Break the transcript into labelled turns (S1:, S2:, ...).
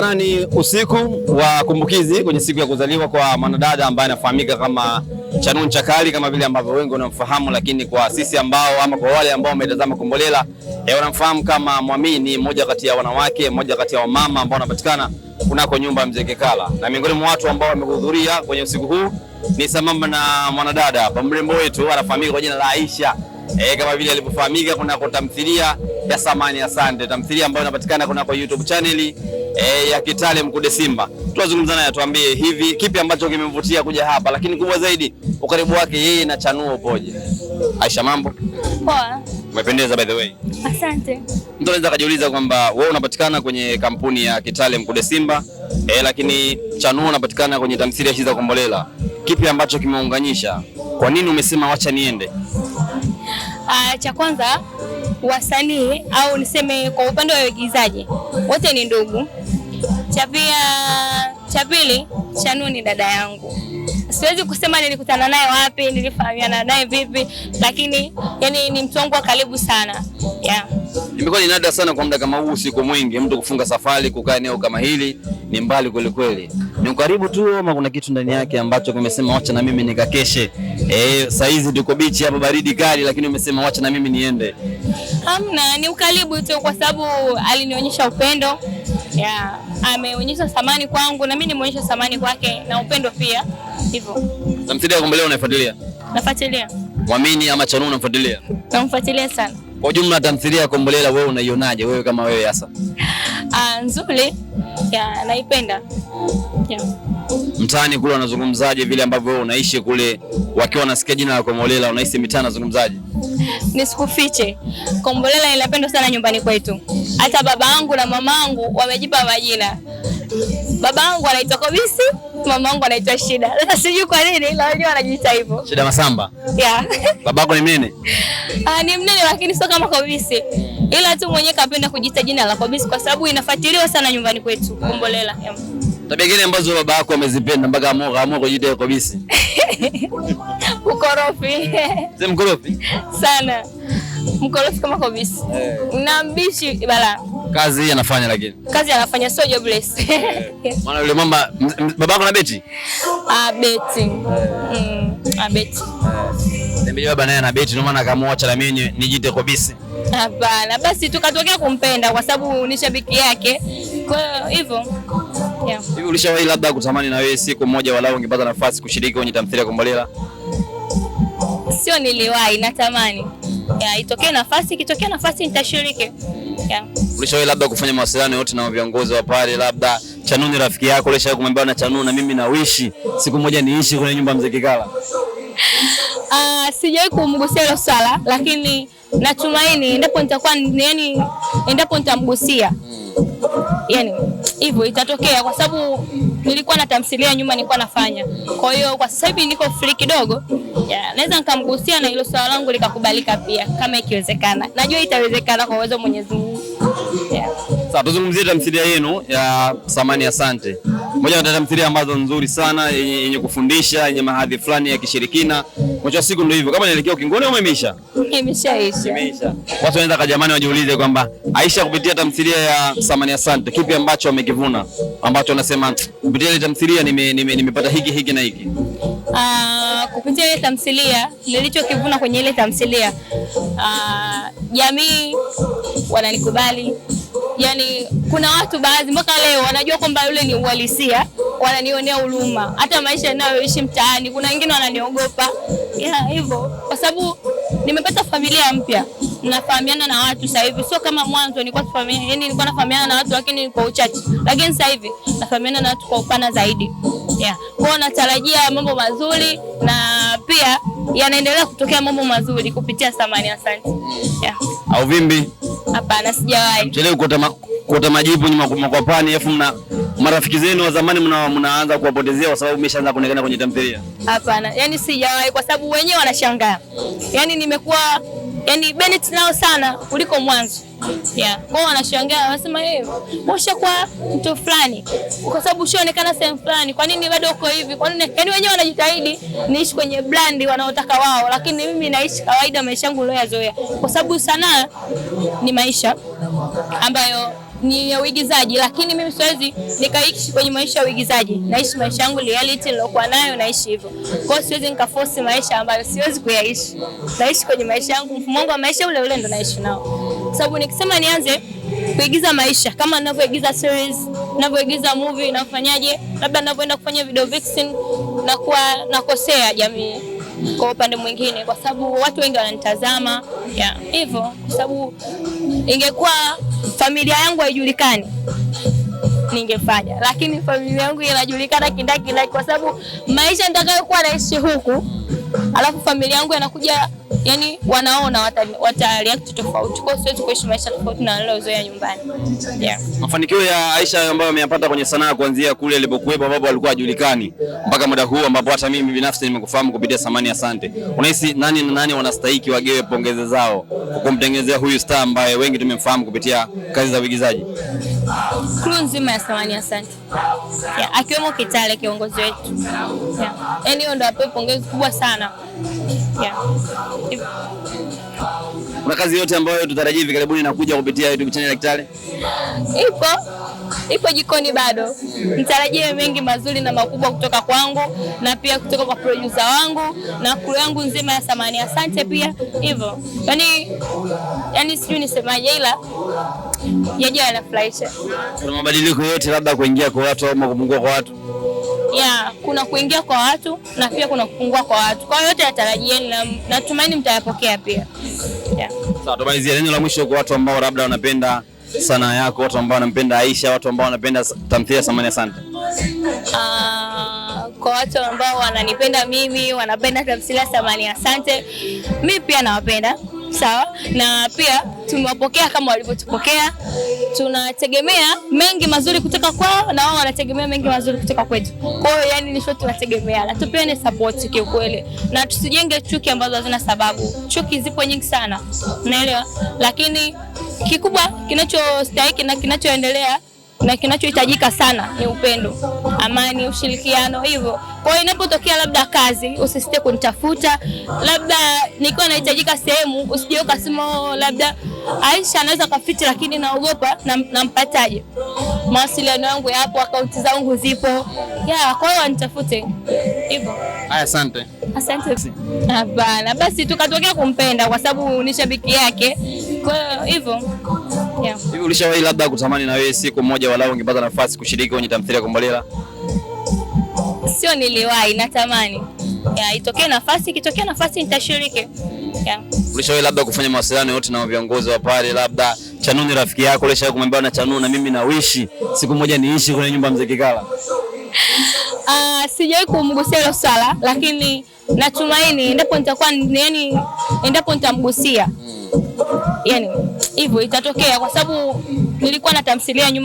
S1: Ana ni usiku wa kumbukizi kwenye siku ya kuzaliwa kwa mwanadada ambaye anafahamika kama Chanun Chakali kama vile ambavyo wengi wanamfahamu, lakini kwa sisi ambao ama kwa wale ambao wametazama Kombolela eh, wanamfahamu kama Mwamini. Ni mmoja kati ya wanawake, mmoja kati ya wamama ambao wanapatikana kunako nyumba ya Mzee Kekala, na miongoni mwa watu ambao wamehudhuria kwenye usiku huu ni sambamba na mwanadada hapa mrembo wetu anafahamika kwa jina la Aisha E, kama vile alivyofahamika kunako tamthilia ya Samani ya Sande, tamthilia ambayo inapatikana kunako YouTube channel e, ya Kitale Mkude Simba. Tuwazungumza naye atuambie hivi kipi ambacho kimemvutia kuja hapa, lakini kubwa zaidi ukaribu wake yeye na Chanuo upoje? Aisha, mambo poa? Umependeza by the way. Asante. Mtu anaweza kujiuliza kwamba wewe unapatikana kwenye kampuni ya Kitale Mkude Simba e, lakini Chanuo unapatikana kwenye tamthilia hizi za Kombolela, kipi ambacho kimeunganisha? Kwa nini umesema wacha niende?
S2: Uh, cha kwanza wasanii au niseme kwa upande wa waigizaji wote ni ndugu cha cha pili, Chanu ni dada yangu. Siwezi kusema nilikutana naye wapi, nilifahamiana naye vipi, lakini yani ni mtu wangu wa karibu sana.
S1: Yeah. Imekuwa ni nada sana kwa muda kama huu, siku mwingi mtu kufunga safari kukaa eneo kama hili, ni mbali kweli kweli. Ni karibu tu ama kuna kitu ndani yake ambacho kimesema wacha na mimi nikakeshe. Eh, saa hizi tuko bichi hapa baridi kali, lakini umesema wacha na mimi niende.
S2: Hamna, ni ukaribu tu kwa sababu alinionyesha upendo yeah, ameonyesha thamani kwangu na mimi nimeonyesha thamani kwake na upendo pia,
S1: hivyo namsaidia kumbelea. unafuatilia? Nafuatilia. Mwamini ama Chanuo unamfuatilia?
S2: Namfuatilia sana.
S1: Kwa jumla tamthilia ya Kombolela wewe unaionaje, wewe kama wewe hasa?
S2: Ah, nzuri. Ya, naipenda.
S1: Yeah. Mtaani kule wanazungumzaje vile ambavyo wewe unaishi kule, wakiwa wanasikia jina la Kombolela unahisi mitaani wanazungumzaje?
S2: nisikufiche, Kombolela inapendwa sana nyumbani kwetu. Hata babaangu na mamangu wamejipa majina. Babaangu anaitwa Kobisi, mamangu anaitwa Shida. Sasa sijui kwa nini, ila wenyewe wanajiita hivyo.
S1: Shida Masamba. Yeah. Babako ni mnene?
S2: Ah, ni mnene lakini sio kama Kobisi. Ila tu mwenyewe kapenda kujiita jina la Kobisi kwa sababu inafuatiliwa sana nyumbani kwetu Kombolela.
S1: Tabia gani ambazo baba yako amezipenda mpaka ameamua kujitoa kabisa?
S2: Mkorofi. Sema mkorofi? Sana. Mkorofi kama kobisi eh. Na mbishi bala.
S1: Kazi anafanya lakini.
S2: Kazi anafanya sio jobless.
S1: Eh. Maana yule mama baba yako na beti?
S2: Ah, beti. Eh. Mm, ah beti.
S1: Nimejua baba naye ana beti ndio maana akamwacha na mimi nijite kabisa.
S2: Hapana, basi tukatokea kumpenda kwa sababu ni shabiki yake. Kwa hiyo hivyo
S1: Yeah. Hivi ulishawahi labda kutamani na wewe siku moja walau ungepata nafasi kushiriki kwenye tamthilia ya Kombolela?
S2: Sio, niliwahi natamani. Yeah, itokee nafasi, ikitokea nafasi nitashiriki.
S1: Yeah. Ulishawahi labda kufanya mawasiliano yote na viongozi wa pale, labda Chanunu ni rafiki yako, ulishawahi kumwambia na chanu na mimi nawishi siku moja niishi kwenye nyumba mzee Kikala? Uh,
S2: ah, sijawahi kumgusia hilo swala, lakini natumaini endapo nitakuwa, yani endapo nitamgusia hmm. yani hivyo itatokea, kwa sababu nilikuwa na tamthilia nyuma nilikuwa nafanya. Kwa hiyo kwa sasa hivi niko free kidogo, naweza nikamgusia na hilo swala langu likakubalika pia, kama ikiwezekana. Najua itawezekana kwa uwezo wa Mwenyezi Mungu.
S1: Sasa tuzungumzie tamthilia yenu ya Samani Asante moja na tamthilia ambazo nzuri sana yenye kufundisha yenye mahadhi fulani ya kishirikina. Mwisho siku ndio hivyo, kama inaelekea ukingoni ama imeisha
S2: imeshaisha,
S1: imeisha. Watu wanaweza kajamani wajiulize kwamba Aisha kupitia tamthilia ya Samani Asante, kipi ambacho amekivuna ambacho anasema kupitia ile tamthilia nimepata nime, nime hiki hiki na hiki
S2: Uh, kupitia ile tamthilia nilichokivuna kwenye ile tamthilia, uh, jamii wananikubali yani kuna watu baadhi mpaka leo wanajua kwamba yule ni uhalisia, wananionea huruma. Hata maisha yanayoishi mtaani, kuna wengine wananiogopa yeah, hivyo kwa sababu nimepata familia mpya, nafahamiana na watu sasa hivi, sio kama mwanzo nilikuwa familia, yani nilikuwa nafahamiana na watu lakini kwa uchache, lakini sasa hivi nafahamiana na watu kwa upana zaidi yeah. Kwao natarajia mambo mazuri na pia yanaendelea kutokea mambo mazuri kupitia Samani. Asante
S1: yeah. Auvimbi
S2: Hapana, sijawahi.
S1: Chelewa kuota majipu nyuma kwa pwani, alafu mna marafiki zenu wa zamani mnaanza kuwapotezea kwa sababu umeshaanza kuonekana kwenye tamthilia.
S2: Hapana, yani sijawahi, kwa sababu wenyewe wanashangaa. Yani nimekuwa yani Bennett nao sana kuliko mwanzo yeah. Kwao wanashangaa wanasema, hey, osha kwa mtu fulani kwa sababu ushaonekana sehemu fulani, kwa nini bado uko hivi? Kwa nini? Yani wenyewe wanajitahidi niishi kwenye brand wanaotaka wao, lakini mimi naishi kawaida maisha yangu niliyoyazoea, kwa sababu sanaa ni maisha ambayo ni ya uigizaji, lakini mimi siwezi nikaishi kwenye maisha ya uigizaji. Naishi maisha yangu reality nilokuwa nayo, naishi hivyo. Kwa hiyo siwezi nikaforce maisha ambayo siwezi kuyaishi. Naishi kwenye maisha yangu, mfumo wangu wa maisha ule ule ndo naishi nao, sababu nikisema nianze kuigiza maisha kama ninavyoigiza series, ninavyoigiza movie, nafanyaje, labda ninavyoenda kufanya video vixen, na kuwa nakosea jamii kwa upande mwingine, kwa sababu watu wengi wananitazama hivyo, yeah, kwa sababu ingekuwa familia yangu haijulikani ningefanya, lakini familia yangu inajulikana kindakindaki, kwa sababu maisha nitakayokuwa naishi huku alafu familia yangu yanakuja, yani wanaona wata, react tofauti. Kwa siwezi kuishi maisha tofauti na niliozoea nyumbani.
S1: Yeah. Mafanikio ya Aisha ambayo ameyapata kwenye sanaa kuanzia kule alipokuwepo ambapo alikuwa hajulikani mpaka muda huu ambapo hata mimi binafsi nimekufahamu kupitia Samani Asante. Unahisi nani na nani wanastahili wagewe pongeze zao kwa kumtengenezea huyu star ambaye wengi tumemfahamu kupitia kazi za uigizaji?
S2: kru nzima ya Samani Asante yeah, akiwemo Kitale kiongozi wetu yani yeah. Hiyo ndo apewe pongezi kubwa sana yeah.
S1: Kuna kazi yote ambayo tutarajia hivi karibuni inakuja kupitia YouTube channel ya Kitale?
S2: Ipo. Ipo jikoni bado. mtarajie mengi mazuri na makubwa kutoka kwangu na pia kutoka kwa producer wangu na crew yangu nzima ya samani. Asante pia hivyo. Yaani yaani sijui nisemaje ila yaje yanafurahisha.
S1: Kuna mabadiliko yote labda kuingia kwa watu au kupungua kwa watu?
S2: ya kuna kuingia kwa watu na pia kuna kupungua kwa watu. Kwa hiyo yote yatarajieni na natumaini mtayapokea pia.
S1: Yeah. Sawa, tumalizia neno la mwisho kwa watu ambao labda wanapenda sanaa yako, watu ambao wanampenda Aisha, watu ambao wanapenda tamthilia Samani. Asante. Uh,
S2: kwa watu ambao wananipenda mimi, wanapenda tamthilia Samani, asante. Mimi pia nawapenda sawa, na pia tumewapokea kama walivyotupokea. Tunategemea mengi mazuri kutoka kwao na wao wanategemea mengi mazuri kutoka kwetu. Kwa hiyo yani nisho na tupeane support kiukweli, na tusijenge chuki ambazo hazina sababu. Chuki zipo nyingi sana, unaelewa, lakini kikubwa kinachostahiki na kinachoendelea na kinachohitajika sana ni upendo, amani, ushirikiano hivyo. Kwa hiyo inapotokea labda kazi, usisite kunitafuta, labda nikiwa nahitajika sehemu, usije ukasema oh, labda Aisha anaweza kafiti, lakini naogopa nampataje. Na mawasiliano yangu yapo, akaunti zangu zipo ya, kwa hiyo anitafute hivyo. Haya, asante. Asante. Hapana, basi tukatokea kumpenda kwa sababu ni shabiki yake, kwa hiyo hivyo.
S1: Yeah. ulishawahi labda kutamani na wewe siku moja walau ungepata nafasi kushiriki kwenye tamthilia ya Kombolela?
S2: Sio, niliwahi natamani. Yeah, itokee nafasi, ikitokea nafasi nitashiriki.
S1: Yeah. Ulishawahi labda kufanya mawasiliano yote na viongozi wa pale, labda Chanuni rafiki yako ulishawahi kumwambia na Chanuni na mimi nawishi siku moja niishi kwenye nyumba mzee Kikala?
S2: Uh, sijawahi kumgusia hilo swala lakini natumaini endapo nitakuwa, yani endapo nitamgusia hmm yani hivyo itatokea, kwa sababu nilikuwa na tamthilia nyuma